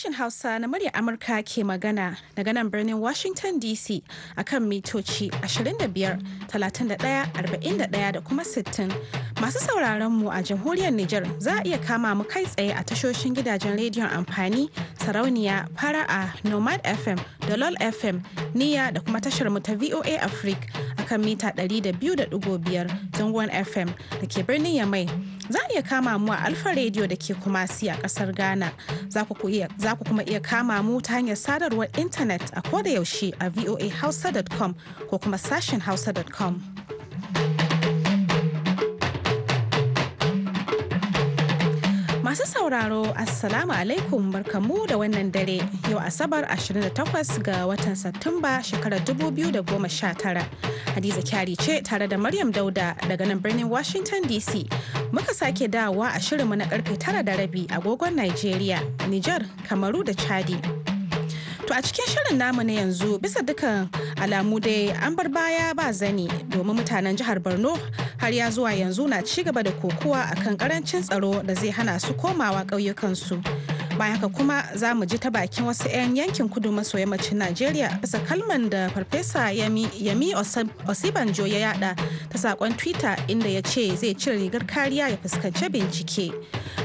Sashen Hausa na murya Amurka ke magana daga nan birnin Washington DC akan mitoci 25, 31, 41 da kuma 60. Masu sauraron mu a jamhuriyar Nijar za a iya kama mu kai tsaye a tashoshin gidajen rediyon amfani sarauniya fara'a Nomad FM da LOL FM niya da kuma tashar mu ta VOA Africa a kan mita 200.5 zangon FM da ke birnin Yamai. Za a iya kama mu a Alfa Radio da ke Kumasi a kasar Ghana. Za ku kuma iya kama mu ta hanyar sadarwar intanet a koda yaushe a voahausa.com ko kuma sashen hausa.com. Masu sauraro, Assalamu alaikum barkamu da wannan dare yau Asabar 28 ga watan Satumba shekarar 2019. Hadiza Kyari ce tare da Maryam Dauda daga nan birnin Washington DC. Muka sake dawowa a shirinmu na karfe tara da rabi agogon Nigeria, Nijar, Kamaru da Chadi. To a cikin shirin namu na yanzu bisa dukan alamu dai an bar baya ba zani domin mutanen jihar Borno har ya zuwa yanzu na ci gaba da a akan karancin tsaro da zai hana su komawa ƙauyukansu bayan haka kuma za mu ji ta bakin wasu 'yan yankin kudu maso yammacin najeriya bisa kalman da farfesa yami osibanjo ya yada ta sakon twitter inda ya ce zai cire rigar kariya ya fuskanci bincike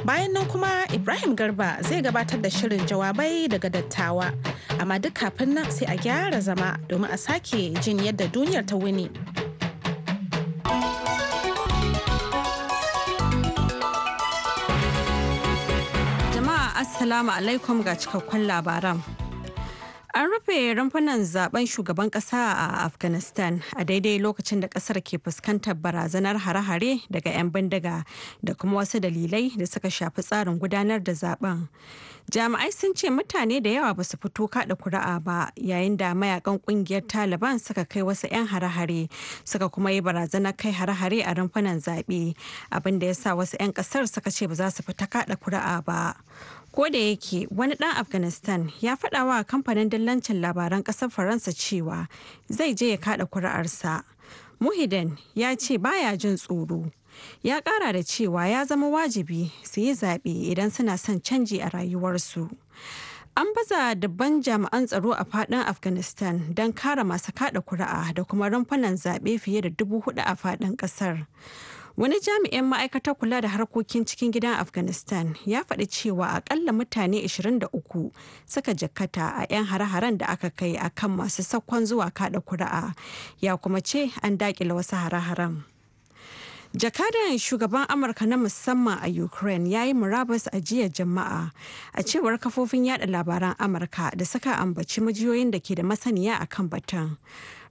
bayan nan kuma ibrahim garba zai gabatar da shirin jawabai daga dattawa amma duk kafin nan sai a gyara zama domin a sake jin yadda duniyar ta wuni. Assalamu alaikum ga cikakkun labaran. An rufe rumfunan zaben shugaban kasa a Afghanistan a daidai lokacin da kasar ke fuskantar barazanar hare-hare daga 'yan bindiga da kuma wasu dalilai da suka shafi tsarin gudanar da zaben. Jami'ai sun ce mutane da yawa ba su fito kaɗa kuri'a ba yayin da mayakan ƙungiyar Taliban suka kai wasu 'yan hare-hare suka kuma yi barazanar kai hare-hare a rumfunan zaɓe abin da ya sa wasu 'yan ƙasar suka ce ba za su fita kaɗa kuri'a ba. ko da yake wani dan afghanistan ya faɗa wa kamfanin dillancin labaran ƙasar faransa cewa zai je ya kada kuri'arsa muhidin ya ce baya jin tsoro ya ƙara da cewa ya zama wajibi su yi zaɓe idan suna son canji a rayuwarsu an baza dabban jami'an tsaro a fadin afghanistan don kare masu kada kuri'a da kuma rumfunan zaɓe fiye da dubu hudu a fadin ƙasar. Wani jami'in ma'aikatar kula da harkokin cikin gidan Afghanistan ya faɗi cewa akalla mutane 23 suka jakata a 'yan hare-haren da aka kai a kan masu sakon zuwa kaɗa kuri'a ya kuma ce an daƙila wasu hare-haren. jakadan shugaban amurka na musamman a ukraine ya yi murabus a jiya jama'a a cewar kafofin yada labaran amurka da suka ambaci majiyoyin da ke da masaniya a kan batun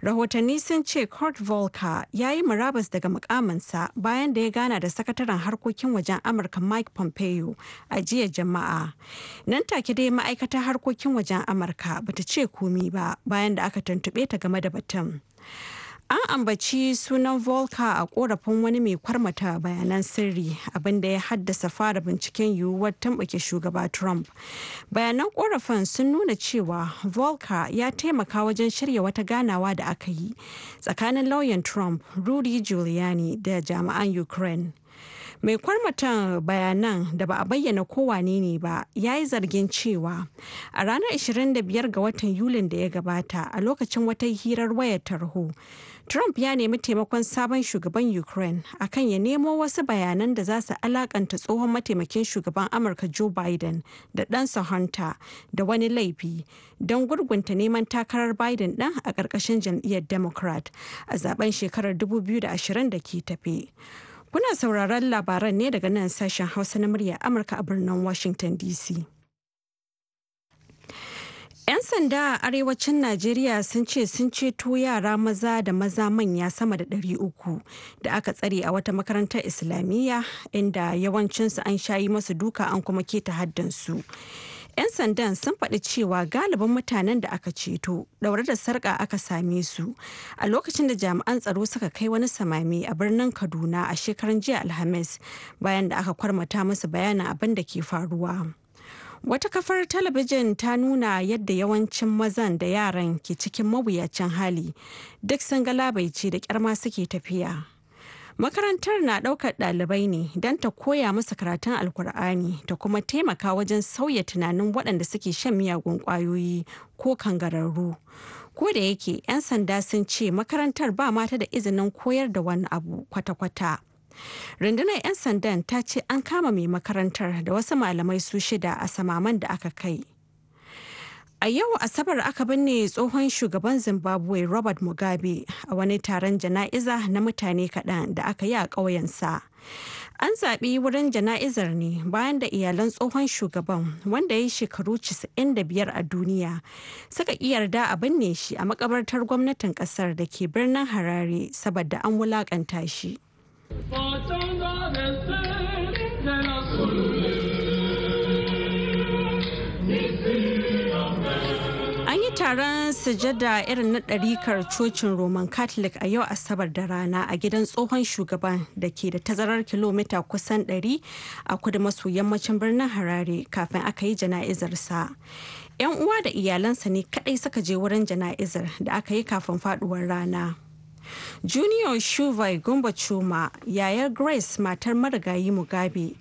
rahotanni sun ce kurt volker ya yi murabus daga mukaminsa bayan da ya gana da sakataren harkokin wajen amurka mike pompeo a jiya jama'a nan take dai ma'aikatar harkokin wajen amurka bata ce komi ba bayan da aka tuntuɓe ta game da batun An ambaci sunan Volka a korafin wani mai kwarmata bayanan sirri abinda ya haddasa fara binciken yiwuwar tambake shugaba Trump. Bayanan korafin sun nuna cewa Volka ya taimaka wajen shirya wata ganawa da aka yi tsakanin lauyan Trump Rudy Giuliani da jami'an Ukraine. mai kwarmatan bayanan da ba a bayyana kowane ne ba ya yi zargin cewa a ranar 25 ga watan yulin da ya gabata a lokacin wata hirar wayar tarho Trump ya nemi taimakon sabon shugaban Ukraine akan ya nemo wasu bayanan da za su alakanta tsohon mataimakin shugaban Amurka Joe Biden da ɗansa Hunter da wani laifi don gurgunta neman takarar Biden ɗan a ƙarƙashin jam'iyyar Democrat a zaben shekarar 2020 da ke tafe. Kuna sauraron labaran ne daga nan sashen Hausa na murya Amurka a birnin Washington DC. 'Yan sanda a arewacin Najeriya sun ce sun ceto yara maza da maza manya sama da ɗari uku da aka tsare a wata makarantar Islamiyya inda yawancinsu an shayi masu duka an kuma keta haddansu. 'Yan sandan sun faɗi cewa galibin mutanen da aka ceto ɗaure da sarƙa aka same su a lokacin da jami'an tsaro suka kai wani samami a birnin Kaduna a shekaran jiya Alhamis bayan da aka kwarmata musu bayanin abin da ke faruwa. Wata kafar talabijin ta nuna yadda yawancin mazan da yaran ke cikin mawuyacin hali duk sun ga labaici da kyarma suke tafiya. Makarantar na ɗaukar ɗalibai ne don ta koya musu karatun alkur'ani ta kuma taimaka wajen sauya tunanin waɗanda suke shan miyagun ƙwayoyi ko kangararru. Ko da yake 'yan sanda sun ce makarantar ba mata da izinin koyar da wani abu kwata-kwata. rundunar 'yan sandan ta ce an kama mai makarantar da wasu malamai su shida a samaman da aka kai a yau asabar aka binne tsohon shugaban zimbabwe robert mugabe a wani taron jana'iza na mutane kaɗan da aka yi a ƙauyensa an zaɓi wurin jana'izar ne bayan da iyalan tsohon shugaban wanda ya yi shekaru 95 a duniya suka yarda a binne shi a makabartar gwamnatin ƙasar da ke birnin harare saboda an wulaƙanta shi An yi taron sujada irin na ɗarikar cocin Roman Catholic a yau Asabar da rana a gidan tsohon shugaban da ke da tazarar kilomita kusan 100 a kudu maso yammacin birnin Harare kafin aka yi jana'izarsa. 'Yan uwa da iyalansa ne kaɗai suka je wurin jana'izar da aka yi kafin faɗuwar rana. junior shuvai gumba chuma yayar grace matar marigayi mugabe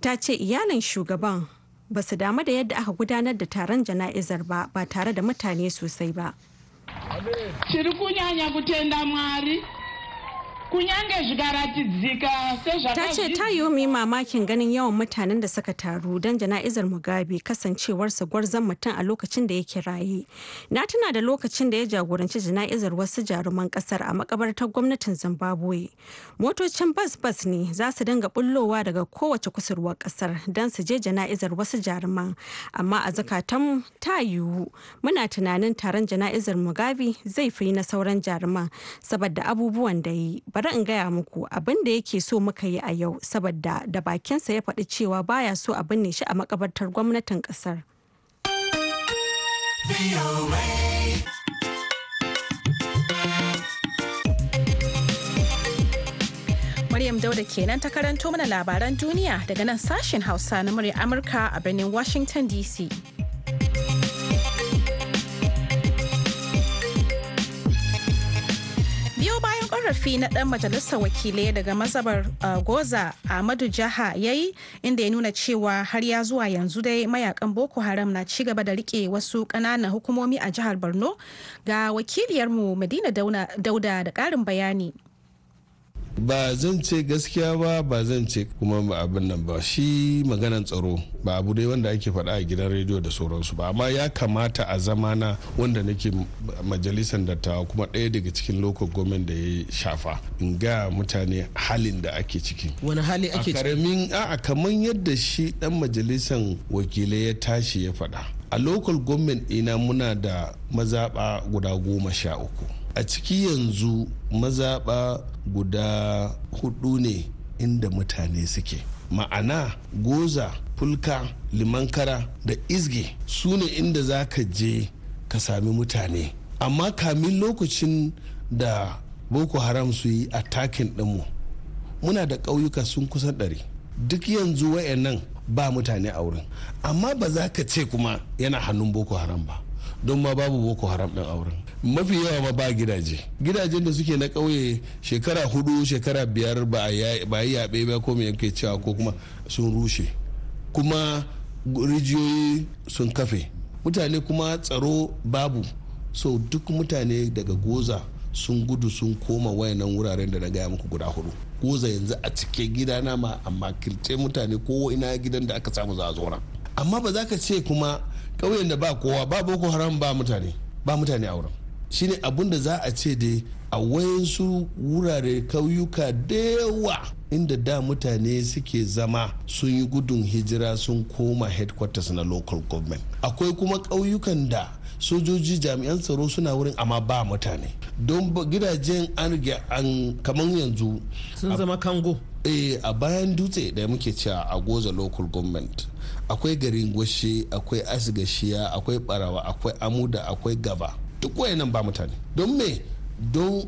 ta ce iyalin shugaban ba su damu da yadda aka gudanar da taron jana'izar ba ba tare da mutane sosai ba. ta ce ta yi mu mamakin ganin yawan mutanen da suka taru don jana'izar mugabe kasancewarsa gwarzon mutum a lokacin da yake raye na tuna da lokacin da ya jagoranci jana'izar wasu jaruman kasar a makabartar gwamnatin zimbabwe motocin bas bas ne za su dinga bullowa daga kowace kusurwar kasar don su je jana'izar wasu jaruman amma a zakatan ta yiwu muna tunanin taron jana'izar mugabe zai fi na sauran jaruman saboda abubuwan da yi bari in gaya muku abin da yake so muka yi a yau saboda da bakinsa ya faɗi cewa baya so a binne shi a makabartar gwamnatin ƙasar. Maryam Dauda kenan ta karanto mana labaran duniya daga nan sashen Hausa na murya Amurka a birnin Washington DC. korafi na dan majalisar wakilai daga masabar uh, goza ahmadu jaha ya yi inda ya nuna cewa har ya zuwa yanzu dai mayakan boko haram na ci gaba da rike wasu kananan hukumomi a jihar borno ga wakiliyarmu madina dauda da karin bayani ba zan ce gaskiya ba ba zan ce kuma abin nan ba shi maganan tsaro ba abu dai wanda ake faɗa a gidan rediyo da sauransu ba amma ya kamata a zamana wanda nake majalisar dattawa kuma ɗaya daga cikin local government da ya shafa in ga mutane halin da ake ciki wani hali ake ciki a karamin a kamar yadda shi dan majalisar wakilai ya tashi ya faɗa a local government ina muna da mazaɓa guda goma sha uku a ciki yanzu mazaɓa guda hudu ne inda mutane suke ma'ana goza fulka limankara da izge su ne inda za ka je ka sami mutane amma kamin lokacin da boko haram su yi takin ɗinmu muna da ƙauyuka sun kusan ɗari duk yanzu wayannan ba mutane a wurin amma ba za ka ce kuma yana hannun boko haram ba don ma babu boko haram din auren mafi yawa ma ba gidaje gidajen da suke na ƙauye shekara hudu shekara biyar ba a yi yaɓe ba ko me yake cewa ko kuma sun rushe kuma rijiyoyi sun kafe mutane kuma tsaro babu so duk mutane daga goza sun gudu sun koma wayanan wuraren da na gaya muku guda hudu goza yanzu a cike gidana ma amma kirce mutane ko ina gidan da aka samu za a zauna amma ba za ka ce kuma ƙauyen da ba kowa ba boko haram ba mutane ba mutane a wurin shine abun da za a ce da a wayansu wurare kauyuka da yawa inda da mutane suke zama sun yi gudun hijira sun koma headquarters na local government akwai kuma kauyukan da sojoji jami'an tsaro suna wurin amma ba mutane don gidajen an kamar yanzu sun zama kango eh, a bayan dutse da muke cewa a goza local government akwai garin gwashe akwai asigashiya akwai barawa akwai amuda akwai gaba duk wayannan ba mutane don me don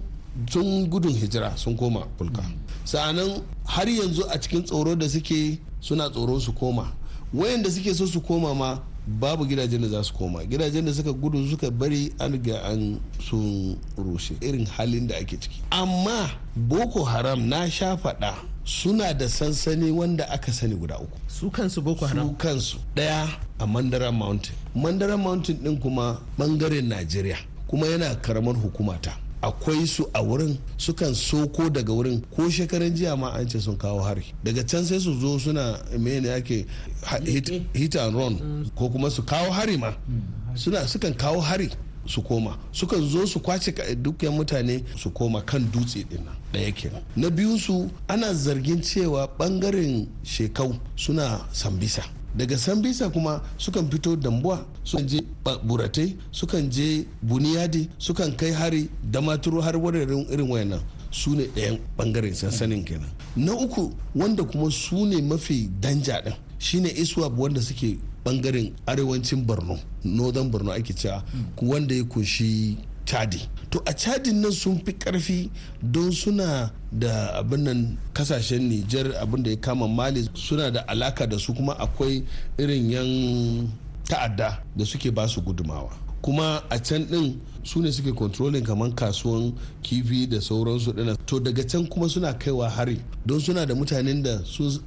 sun gudun hijira sun koma fulka sa'anan har yanzu a cikin tsoro da suke suna tsoro su koma wayanda suke so su koma ma babu gidajen da za su koma gidajen da suka gudu suka bari an ga an sun rushe irin halin da ake ciki amma boko haram na sha faɗa suna da sansani wanda aka sani guda uku su kansu boko haram su kansu daya a mandara mountain mandara mountain din kuma bangaren najeriya kuma yana karamar hukumata akwai su a wurin su kan soko daga wurin ko shekaran jiya ma an ce sun kawo hari daga can sai su zo suna mene yake hit, and run mm. ko kuma su kawo hari ma mm. suna kan kawo hari su koma sukan zo su kwace dukkan mutane su koma kan dutse din nan ɗaya kenan na biyu su ana zargin cewa bangaren shekau suna sambisa daga sambisa kuma sukan fito dambuwa sukan je buratai sukan je buniyadi sukan kai hari damaturu har wuraren irin wayannan su ne ɗayan bangaren sansanin kenan na uku wanda kuma su ne mafi danja ɗin shine iswaf wanda suke bangaren arewacin borno northern borno ake cewa wanda ya kunshi chadi to a chadin nan sun fi karfi don suna da abin nan kasashen niger abin da ya kama mali suna da alaka da su kuma akwai irin yan ta'adda da suke ba su gudumawa kuma a can din su ne suke controlling kamar kasuwan kifi da sauransu dana to daga can kuma suna kaiwa hari don suna da mutanen da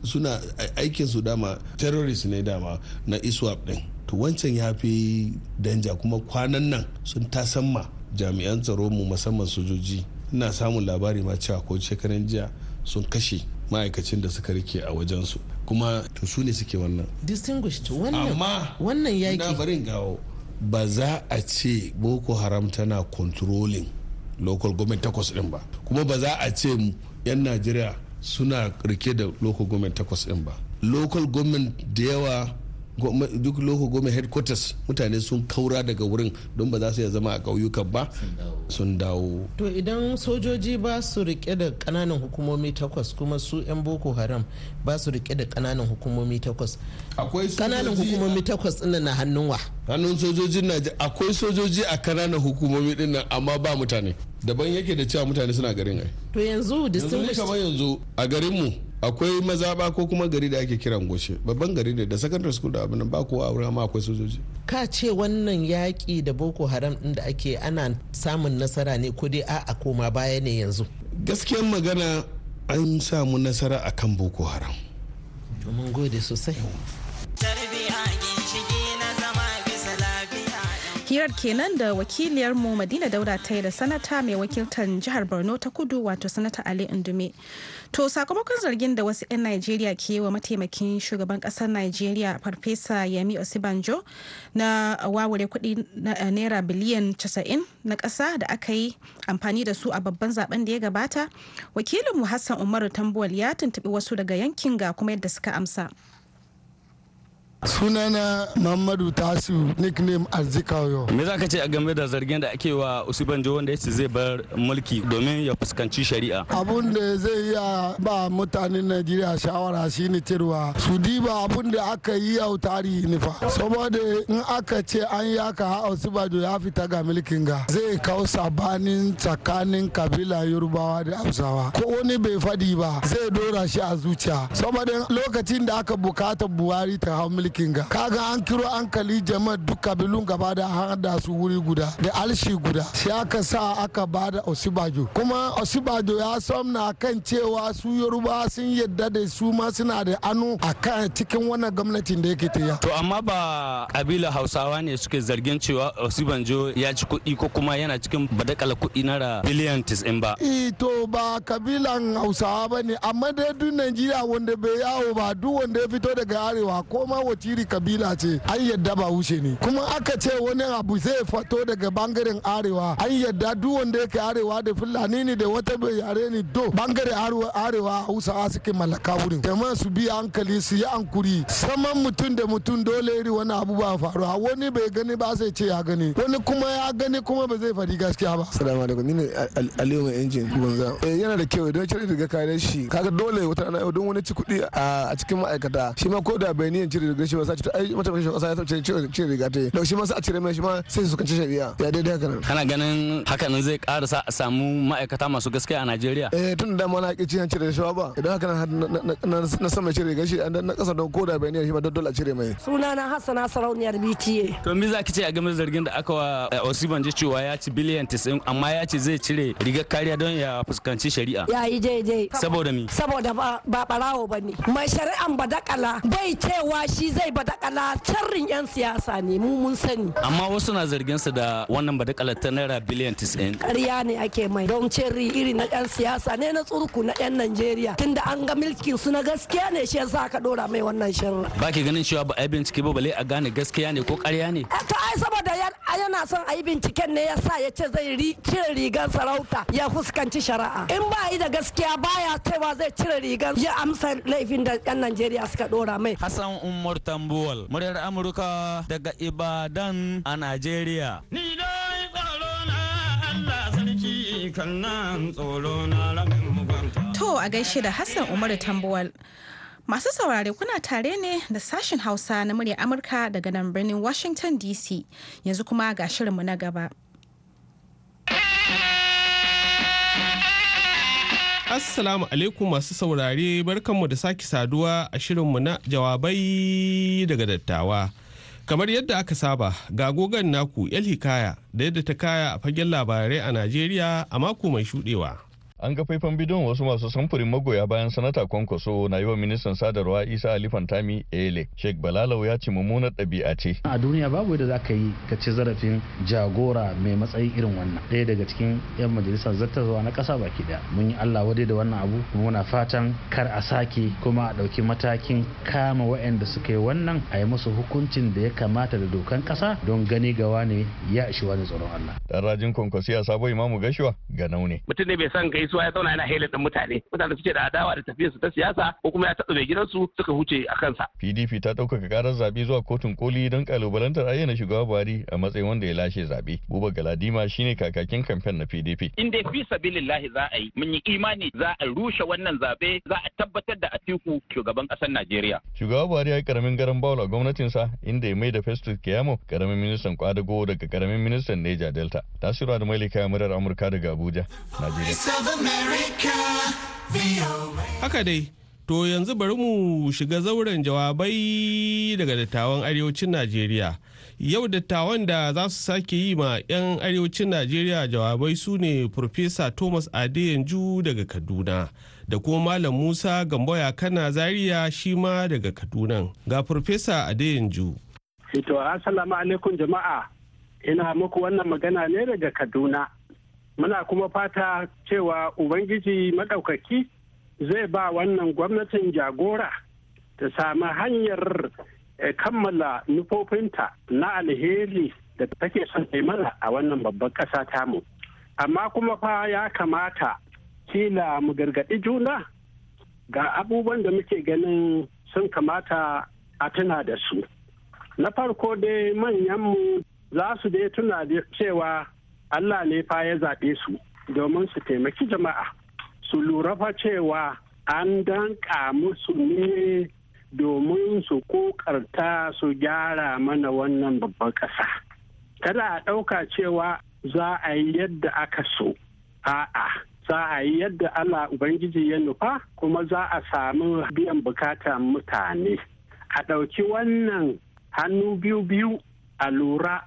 suna aikin su dama terrorist ne dama na iswap din to wancan ya fi danja kuma kwanan nan sun tasamma jami'an tsaro mu musamman sojoji ina samun labari ma cewa ko shekaran jiya sun kashe ma'aikacin da suka rike a wajensu kuma to su ne suke wannan distinguished wannan wannan yaki na barin gawo ba za a ce boko haram tana controlling local government takwas din ba kuma ba za a ce 'yan najeriya suna rike da local government takwas din ba local government da yawa duk loko goma headquarters mutane sun kaura daga wurin don ba za su ya zama a ƙauyukan ba sun dawo to idan sojoji ba su rike da kananan hukumomi takwas kuma su 'yan boko haram ba su rike da kananan hukumomi takwas akwai kananan hukumomi takwas ɗin na hannun wa hannun sojoji na akwai sojoji a kananan hukumomi ɗin nan amma ba mutane daban yake da cewa mutane suna garin ai to yanzu distinguished yanzu yanzu a garin mu akwai mazaba ko kuma gari da ake kiran goshe babban gari ne da secondary school da abin ba kowa a amma akwai sojoji ka ce wannan yaƙi da boko haram din da ake ana samun nasara ne ko dai a koma baya ne yanzu gaskiyar magana an samu nasara akan boko haram mun gode sosai hirar kenan da wakiliyarmu madina daura ta yi da sanata mai wakiltar jihar borno ta kudu wato sanata ali indume to sakamakon zargin da wasu 'yan najeriya ke yi wa mataimakin shugaban kasar najeriya farfesa yami osibanjo na wawure kudi eh, naira biliyan 90 na kasa da aka yi amfani da su a babban zaben da ya gabata wakilinmu hassan umaru tambuwal ya tuntubi wasu daga yankin ga kuma yadda suka amsa sunana muhammadu tasu nickname arzikawo me za ka ce a game da zargin da ake wa usubanjo wanda ya ce zai bar mulki domin ya fuskanci shari'a abun da zai iya ba mutanen najeriya shawara shine cewa su diba abun da aka yi yau tarihi ne fa saboda in aka ce an yi haka ha usubanjo ya fita ga mulkin ga zai kawo sabanin tsakanin kabila yorubawa da hausawa ko wani bai fadi ba zai dora shi a zuciya saboda lokacin da aka bukata buhari ta hau mulki aikin ga kaga an kiro an kali jama'a duk kabilun gaba da hada su wuri guda da alshi guda sai aka sa aka bada osibajo kuma osibajo ya na kan cewa su yoruba sun yadda da su ma suna da anu a kan cikin wannan gwamnatin da yake tiya to amma ba kabila hausawa ne suke zargin cewa osibanjo ya ci kuɗi ko kuma yana cikin badakala kuɗi naira biliyan 90 ba to ba kabilan hausawa ba ne amma dai duk najeriya wanda bai yawo ba duk wanda ya fito daga arewa ko ma wace ciri kabila ce an yadda ba wuce ne kuma aka ce wani abu zai fato daga bangaren arewa an yadda duk wanda yake arewa da fulani ne da wata bai yare ni do bangare arewa hausawa suke mallaka wurin jama'a su bi hankali su yi ankuri saman mutum da mutum dole iri wani abu ba faru a wani bai gani ba sai ce ya gani wani kuma ya gani kuma ba zai fari gaskiya ba salamu alaikum ni ne aliyu mai injin Eh yana da kyau idan cire daga kare shi kaga dole wata ana don wani ci kuɗi a cikin ma'aikata shi ma ko da bai niyan cire daga shi ba sa ci ai mata kashin kasa ya tace cire riga ta yi da shi ma sai a cire mai shi ma sai su kanci shabiya ya daidai haka nan kana ganin haka nan zai ƙara sa a samu ma'aikata masu gaskiya a Najeriya eh tun da dama na ƙi cin cire shawa ba idan haka nan na sama cire riga shi na kasa don koda bai ne shi ma dole a cire mai suna sunana Hassana sarauniyar BTA to me za ki ce a game da zargin da aka wa eh, Osiban ji cewa ya ci biliyan 90 amma ya ce zai cire rigar kariya don ya fuskanci shari'a ya yi daidai saboda mi saboda ba barawo bane mai shari'an ba badakala bai cewa shi zai zai badakala carrin 'yan siyasa ne mu mun sani. Amma wasu na zargin su da wannan badakala ta naira biliyan 90. Ƙarya ne ake mai don cerri iri na 'yan siyasa ne na tsurku na 'yan Najeriya tunda an ga milkin su na gaskiya ne shi yasa aka dora mai wannan sharra. Ba ki ganin cewa ba a yi bincike ba bale a gane gaskiya ne ko ƙarya ne. Eh, to ai saboda yana son a yi binciken ne ya sa ya ce zai cire rigar sarauta ya fuskanci shari'a. In ba yi da gaskiya baya cewa zai cire rigar ya amsa laifin da 'yan Najeriya suka dora mai. Hassan Umar istanbul Muryar Amurka daga Ibadan a Najeriya. Ni tsaro na Allah sarki kan nan tsoro na ramin mugunta. To a gaishe da Hassan umar Tambuwal. Masu saurare kuna tare ne da sashen Hausa na murya Amurka daga nan birnin Washington DC. Yanzu kuma ga shirinmu na gaba. Assalamu alaikum masu saurare barkanmu da sake saduwa a shirinmu na jawabai daga dattawa. Kamar yadda aka saba ga gogon naku 'yar Hikaya da yadda ta kaya a fagen labarai a Najeriya a mako mai shudewa. an ga faifan bidon wasu masu samfurin magoya bayan sanata kwankwaso na yi wa ministan sadarwa isa alifan tami ele sheikh balalau ya ci mummunar ɗabi'a ce a duniya babu yadda za ka yi ka ci zarafin jagora mai matsayi irin wannan ɗaya daga cikin yan majalisar zattarwa na ƙasa baki ɗaya mun yi allah wadai da wannan abu muna fatan kar a sake kuma a ɗauki matakin kama waɗanda suka yi wannan a yi musu hukuncin da ya kamata da dokan ƙasa don gani gawa ne ya ishi wani tsoron allah. ɗan rajin kwankwasi a sabo imamu gashuwa ga naune. mutum ne bai san kai cewa ya zauna yana helar da mutane mutane suke da adawa da tafiyar su ta siyasa ko kuma ya taɓa mai su suka huce a kansa. PDP ta ɗaukaka karar zaɓe zuwa kotun koli don kalubalantar ayyana shugaba Buhari a matsayin wanda ya lashe zaɓe. Buba Galadima shine kakakin kamfen na PDP. In dai fi sabilillahi za a yi mun yi imani za a rushe wannan zaɓe za a tabbatar da a Atiku shugaban ƙasar Najeriya. Shugaba Buhari ya yi ƙaramin garan bawul a gwamnatinsa inda ya mai da Festus Kiyamo karamin ministan kwadago daga karamin ministan Neja Delta. Tasiru da Malika murar Amurka daga Abuja, Najeriya. Haka dai, to yanzu bari mu shiga zauren jawabai daga dattawan arewacin Najeriya. Yau dattawan da za su sake yi ma 'yan arewacin Najeriya jawabai su ne Profesa Thomas Adeyanju daga Kaduna. da kuma Malam Musa Gamboya Kana Zaria shi ma daga Kaduna. Ga Profesa Adeyanju. Fito, Assalamu alaikum jama'a. Ina muku wannan magana ne daga Kaduna. muna kuma fata cewa ubangiji maɗaukaki zai ba wannan gwamnatin jagora ta sami hanyar eh, kammala nufofinta na alheri da take son mana a wannan babban ƙasa tamu amma kuma fa ya kamata kila mu gargaɗi juna ga abubuwan da muke ganin sun kamata a tuna da su na farko dai manyanmu za su dai tuna cewa Allah ne fa ya zaɓe su domin su taimaki jama'a su lura fa cewa an danƙa musu ne domin su kokarta su gyara mana wannan babban ƙasa. Kada a ɗauka cewa za a yi yadda aka so, a'a. za a yi yadda Allah Ubangiji ya nufa kuma za a samu biyan bukatan mutane. A ɗauki wannan hannu biyu biyu a lura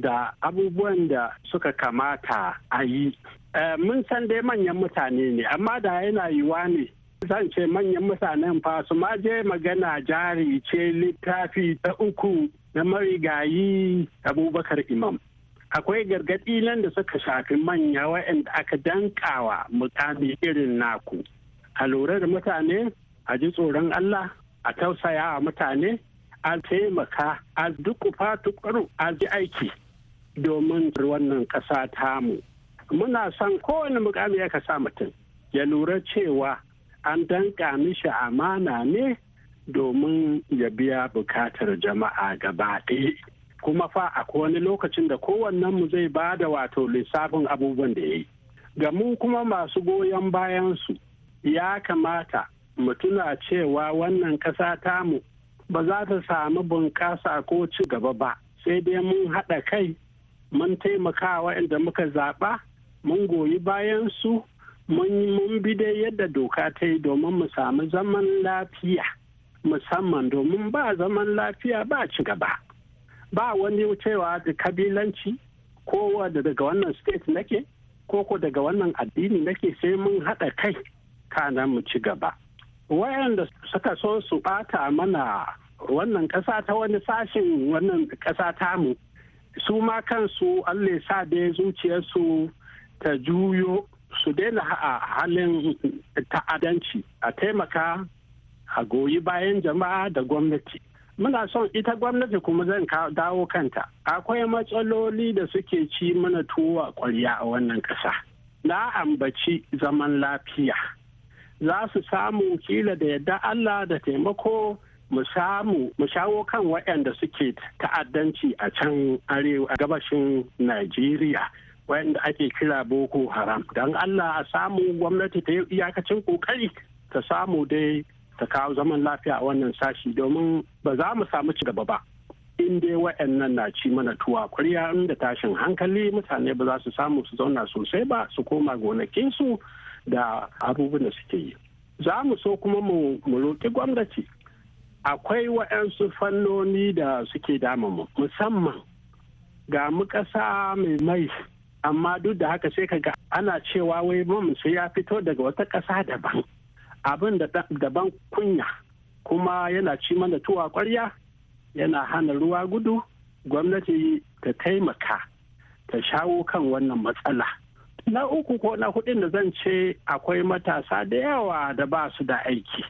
da abubuwan da suka kamata a yi eh, mun san dai manyan mutane ne amma da yana yiwa ne zan ce manyan mutanen fa su ma je magana jari ce littafi ta uku na marigayi abubakar imam akwai gargaɗi nan da suka shafi manya waɗanda aka dankawa mutane irin naku a lura da mutane a ji tsoron allah a tausaya wa mutane a taimaka a duk tuƙuru a ji aiki domin wannan ƙasa tamu muna son kowane mukami ya kasa mutum ya lura cewa an danka mishi amana ne domin ya biya bukatar jama'a gaba ɗaya kuma fa a wani lokacin da kowannen mu zai ba da wato lissafin abubuwan da ya yi ga mu kuma masu goyon bayansu ya kamata mu tuna cewa wannan ƙasa mu. ba za ta samu bunƙasa ko ci gaba ba sai dai mun haɗa kai mun taimaka waɗanda muka zaɓa mun goyi bayan su mun bi dai yadda doka ta yi domin mu samu zaman lafiya musamman domin ba zaman lafiya ba ci gaba ba wani cewa da kabilanci ko daga wannan state nake ko ko daga wannan addini nake sai mun haɗa kai kana mu ci gaba wayanda suka so su ɓata mana wannan ƙasa ta wani sashen wannan ƙasa tamu su ma kansu allah sa da zuciyarsu ta juyo su daina a halin ta'adanci a taimaka a goyi bayan jama'a da gwamnati muna son ita gwamnati kuma zan dawo kanta akwai matsaloli da suke ci mana tuwo a kwarya a wannan ƙasa na ambaci zaman lafiya za su samu kila da yadda allah da taimako mu shawo kan waɗanda suke ta'addanci a can arewa gabashin Najeriya waɗanda ake kira Boko Haram. Don Allah a samu gwamnati ta yi iyakacin kokari ta samu dai ta kawo zaman lafiya a wannan sashi domin ba za mu samu ci gaba ba. in dai waɗannan na ci mana tuwa kwarya da tashin hankali mutane ba za su samu su zauna sosai ba su koma gonakinsu da abubuwan da suke yi za mu so kuma mu roƙi gwamnati akwai waɗansu fannoni da suke mu musamman ga mu ƙasa mai mai amma duk da haka sai ka ga. ana cewa wai mun sai ya fito daga wata ƙasa daban abin da daban kunya kuma yana ci mana tuwa ƙwarya yana hana ruwa gudu gwamnati ta taimaka ta shawo kan wannan matsala na uku ko na hudun da zan ce akwai matasa da yawa da ba su da aiki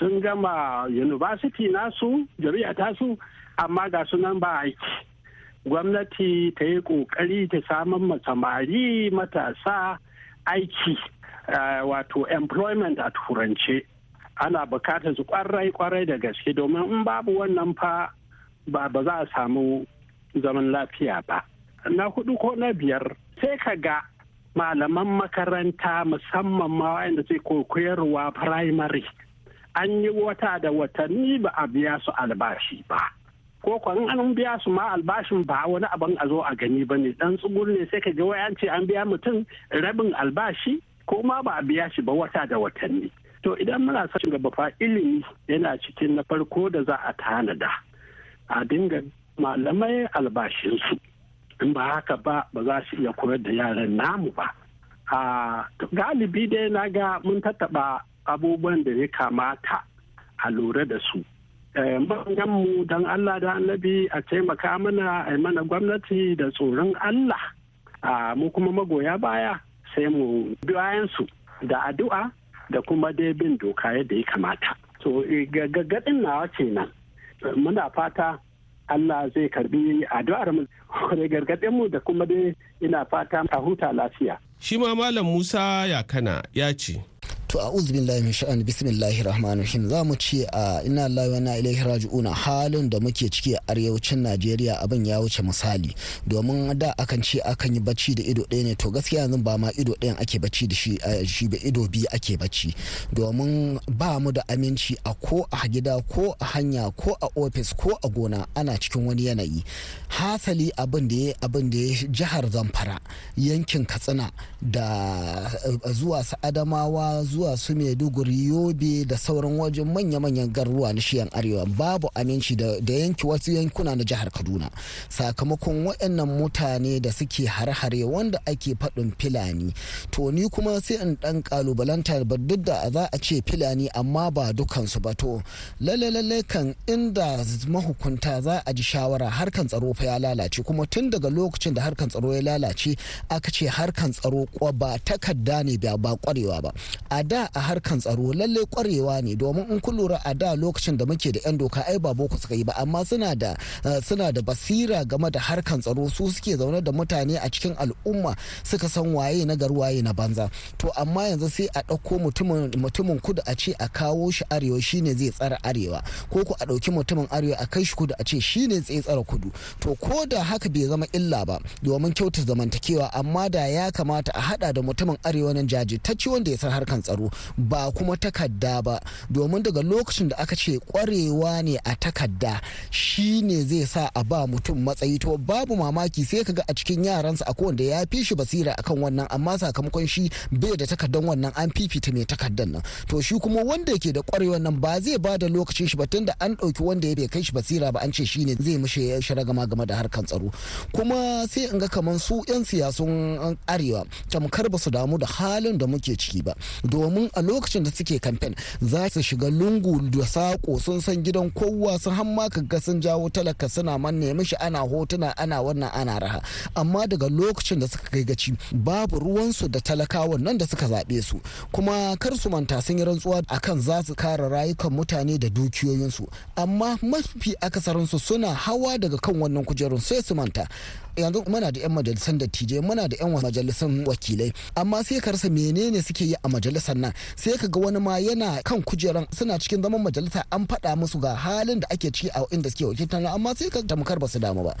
sun gama university nasu jami'a tasu amma ga sunan ba aiki gwamnati ta yi kokari ta samun samari matasa aiki eh, wato employment a turance ana bukatar su kwarai kwarai da gaske domin in babu wannan fa ba ba za a samu zaman lafiya ba na hudu ko na biyar sai ka ga malaman makaranta musamman ma wa'anda sai koyarwa primary an yi wata da watanni ba a biya su albashi ba ko kwan an biya su ma albashin ba wani abin a zo a gani ba ne dan tsugur ne sai ka ga wayan ce an biya mutum rabin albashi ko ma ba a biya shi ba wata da watanni to idan muna son gaba fa ilimi yana cikin na farko da za a tanada a dinga malamai albashinsu in ba haka ba ba za su iya koyar da yaran namu ba a galibi dai na ga mun tattaɓa abubuwan da ya kamata a lura da su eh, mu don allah da annabi a taimaka mana a mana gwamnati da tsoron allah a mu kuma magoya baya sai mu su da addu'a da kuma dai bin doka yadda ya kamata to eh, gaggadin nawa nan. muna fata Allah zai karbi addu'ar mu da gargaɗin mu da kuma dai ina fata a huta lafiya. shi ma malam musa yakana ya ce to a billahi min sha'ani bismillahir rahmanir rahim za mu ce a ina lawa na inna ilaihi raji'un halin da muke ciki a arewacin Najeriya abin ya wuce misali domin da akan ce akan yi bacci da ido ɗaya ne to gaskiya yanzu ba ma ido ɗayan ake bacci da shi shi ba ido biyu ake bacci domin ba mu da aminci a ko a gida ko a hanya ko a ofis ko a gona ana cikin wani yanayi hasali abin da ya abin jihar Zamfara yankin Katsina da zuwa su Adamawa zuwa zuwa su maiduguri yobe da sauran wajen manya-manyan garuruwa na shiyan arewa babu aminci da yanki wasu yankuna na jihar kaduna sakamakon waɗannan mutane da suke har-hare wanda ake faɗin filani to ni kuma sai in ɗan kalubalanta ba duk da za a ce filani amma ba dukansu ba to lalle kan inda mahukunta za a ji shawara harkan tsaro fa ya lalace kuma tun daga lokacin da harkan tsaro ya lalace aka ce harkan tsaro ba takarda ne ba kwarewa ba a da a harkan tsaro lallai kwarewa ne domin in kun lura a da lokacin da muke da 'yan doka ai ba boko suka yi ba amma suna da eh, suna da basira game da harkan tsaro su suke zaune da mutane a cikin al'umma suka san waye na waye na banza to amma yanzu sai a ɗauko mutumin kudu a ce a kawo shi arewa shine zai tsara arewa ko ku a ɗauki mutumin arewa a kai shi kudu a ce shine zai tsara kudu to ko da haka bai zama illa ba domin kyauta zamantakewa amma da ya kamata a hada da mutumin arewa nan jajirtacci wanda ya san harkan tsaro tsaro ba kuma takarda ba domin daga lokacin da aka ce kwarewa ne a takarda shi ne zai sa a ba mutum matsayi to babu mamaki sai ka ga a cikin yaransa a wanda ya fi shi basira akan wannan amma sakamakon shi bai da takardan wannan an fifita mai takardan nan to shi kuma wanda yake da kwarewan nan ba zai ba da lokacin shi ba tunda an ɗauki wanda ya bai kai shi basira ba an ce shi ne zai mishi gama game da harkan tsaro kuma sai in ga kamar su 'yan siyasun arewa tamkar ba su damu da halin da muke ciki ba domin a lokacin da suke kamfen za su shiga lungu da sako sun san gidan kowa sun hamma kaga sun jawo talaka suna manne mishi ana hotuna ana wannan ana raha amma daga lokacin da suka kai gaci babu ruwansu da talakawan nan da suka zaɓe su kuma kar su manta sun yi rantsuwa akan za su kare rayukan mutane da dukiyoyinsu amma mafi akasarinsu suna hawa daga kan wannan kujerun sai su manta yanzu muna da 'yan majalisan dattijai muna da 'yan majalisan wakilai amma sai karsa menene suke yi a majalisar nan sai ka ga wani ma yana kan kujeran suna cikin zaman majalisa an faɗa musu ga halin da ake ciki a inda suke wakiltar amma sai ka tamkar ba su damu ba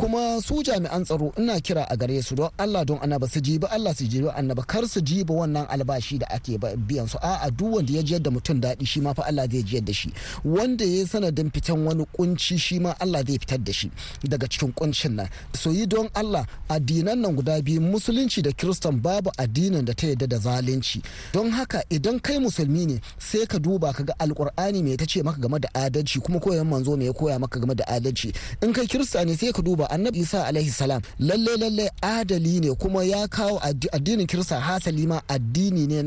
kuma su jami'an tsaro ina kira a gare su don Allah don annaba su ji ba Allah su ji ba annaba kar su ji ba wannan albashi da ake biyan su a duk wanda ya jiyar da mutum daɗi shi ma fa Allah zai jiyar da shi wanda ya sanadin fitan wani kunci shi ma Allah zai fitar da shi daga cikin kuncin nan so don Allah addinan nan guda biyu musulunci da kiristan babu addinin da ta yarda da zalunci don haka idan kai musulmi ne sai ka duba ka ga alkur'ani me ta ce maka game da adalci kuma koyon manzo me ya koya maka game da adalci in kai kirista ne sai ka duba annabi isa alaihi salam lalle lalle adali ne kuma ya kawo addinin kirista hasali ma addini ne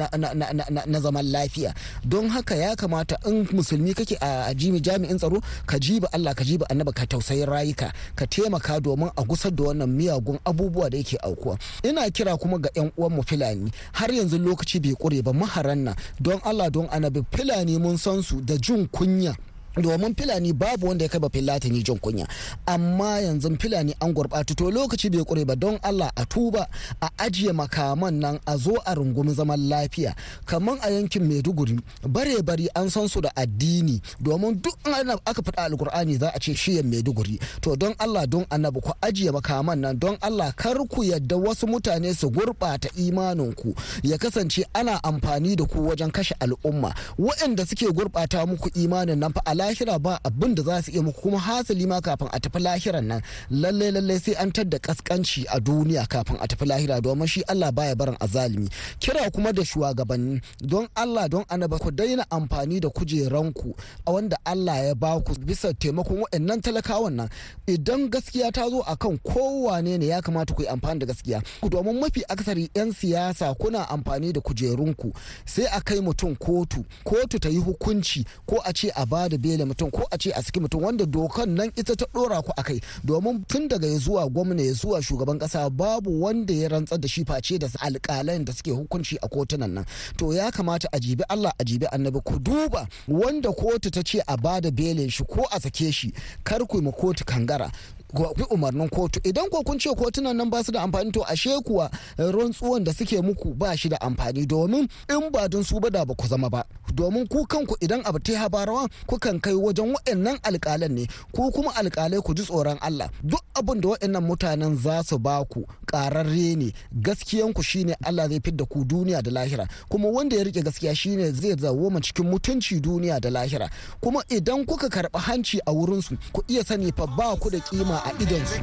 na zaman lafiya don haka ya kamata in musulmi kake a jami'in tsaro ka jiba Allah ka jiba annabi ka tausayin rayuka ka taimaka domin a gusar da wannan miyagun abubuwa da yake aukuwa ina kira kuma ga yan uwan mu filani har yanzu lokaci bai kure ba maharan maharanna don allah don annabi fulani mun san su da jin kunya domin filani babu wanda ya kaba filatani jin kunya amma yanzu filani an gurɓatu to lokaci bai kure ba don allah a tuba a ajiye makaman nan a zo a rungumi zaman lafiya kamar a yankin maiduguri bare bari an san su da addini domin duk aka fada alkur'ani za a ce shiyan maiduguri to don allah don annabi ku ajiye makaman nan don allah kar ku yadda wasu mutane su gurɓata imanin ku ya kasance ana amfani da ku wajen kashe al'umma waɗanda suke gurɓata muku imanin nan fa lahira ba abin da za su iya kuma hasali ma kafin a tafi lahiran nan lalle lalle sai an tadda kaskanci a duniya kafin a tafi lahira domin shi Allah baya barin azalimi kira kuma da shugabanni don Allah don anaba ku daina amfani da kujeranku a wanda Allah ya ba ku bisa taimakon waɗannan talakawan nan idan gaskiya ta zo akan kowane ne ya kamata ku yi amfani da gaskiya domin mafi aksari 'yan siyasa kuna amfani da kujerunku sai a kai mutum kotu kotu ta yi hukunci ko a ce a bada da daidai da mutum ko a ce a saki mutum wanda dokan nan ita ta dora ku akai domin tun daga ya zuwa gwamna ya zuwa shugaban kasa babu wanda ya rantsar da shi face da alƙalan da suke hukunci a kotunan nan to ya kamata a jibi Allah a jibi annabi ku duba wanda kotu ta ce a bada belin shi ko a sake shi kar ku mu kotu kangara bi umarnin kotu idan ko kun ce kotunan nan ba su da amfani to ashe kuwa rantsuwan da suke muku ba shi da amfani domin in ba don su ba da ba ku zama ba domin ku kanku idan abu ta habarawa kukan kai wajen wa'annan alƙalan ne ku kuma alƙalai ku ji tsoron Allah duk abin da wa'annan mutanen za su ba ku ƙararre ne gaskiyanku shine Allah zai fidda ku duniya da lahira kuma wanda ya rike gaskiya shine zai zawo ma cikin mutunci duniya da lahira kuma idan kuka karɓi hanci a wurinsu ku iya sani fa ba ku da kima a idonsu.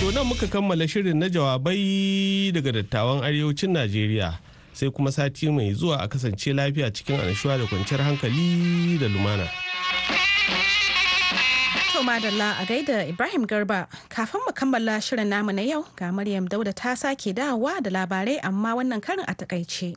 To nan muka kammala shirin na jawabai daga dattawan arewacin Najeriya sai kuma sati mai zuwa a kasance lafiya cikin annashuwa da kwanciyar hankali da lumana. To madalla a gaida Ibrahim Garba kafin mu kammala shirin namu na yau ga Maryam Dauda ta sake dawowa da labarai amma wannan karin a takaice.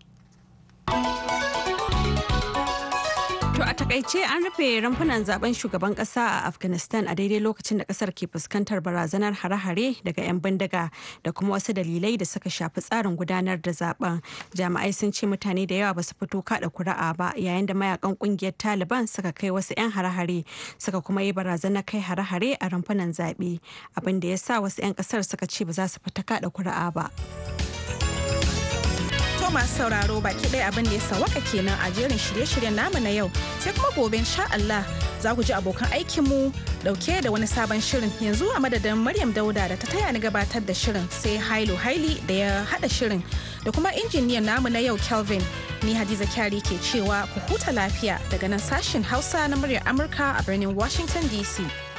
To a takaice an rufe rumfunan zaben shugaban kasa a Afghanistan a daidai lokacin da kasar ke fuskantar barazanar hare-hare daga 'yan bindiga da kuma wasu dalilai da suka shafi tsarin gudanar da zaben. Jami'ai sun ce mutane da yawa ba su fito kada kura'a ba yayin da mayakan kungiyar Taliban suka kai wasu 'yan hare-hare suka kuma yi barazanar kai hare-hare a rumfunan zaɓe abin da ya sa wasu 'yan kasar suka ce ba za su fita kada kura'a ba. masu sauraro baki ɗaya abin da ya sawaka kenan a jerin shirye-shiryen namu na yau sai kuma gobe insha Allah za ku ji abokan aikinmu dauke da wani sabon shirin yanzu a madadin Maryam Dauda da ta taya ni gabatar da shirin sai Hailu Haili da ya hada shirin da kuma injiniyan namu na yau Kelvin ni Hadiza Kyari ke cewa ku huta lafiya daga nan sashin Hausa na muryar Amurka a birnin Washington DC.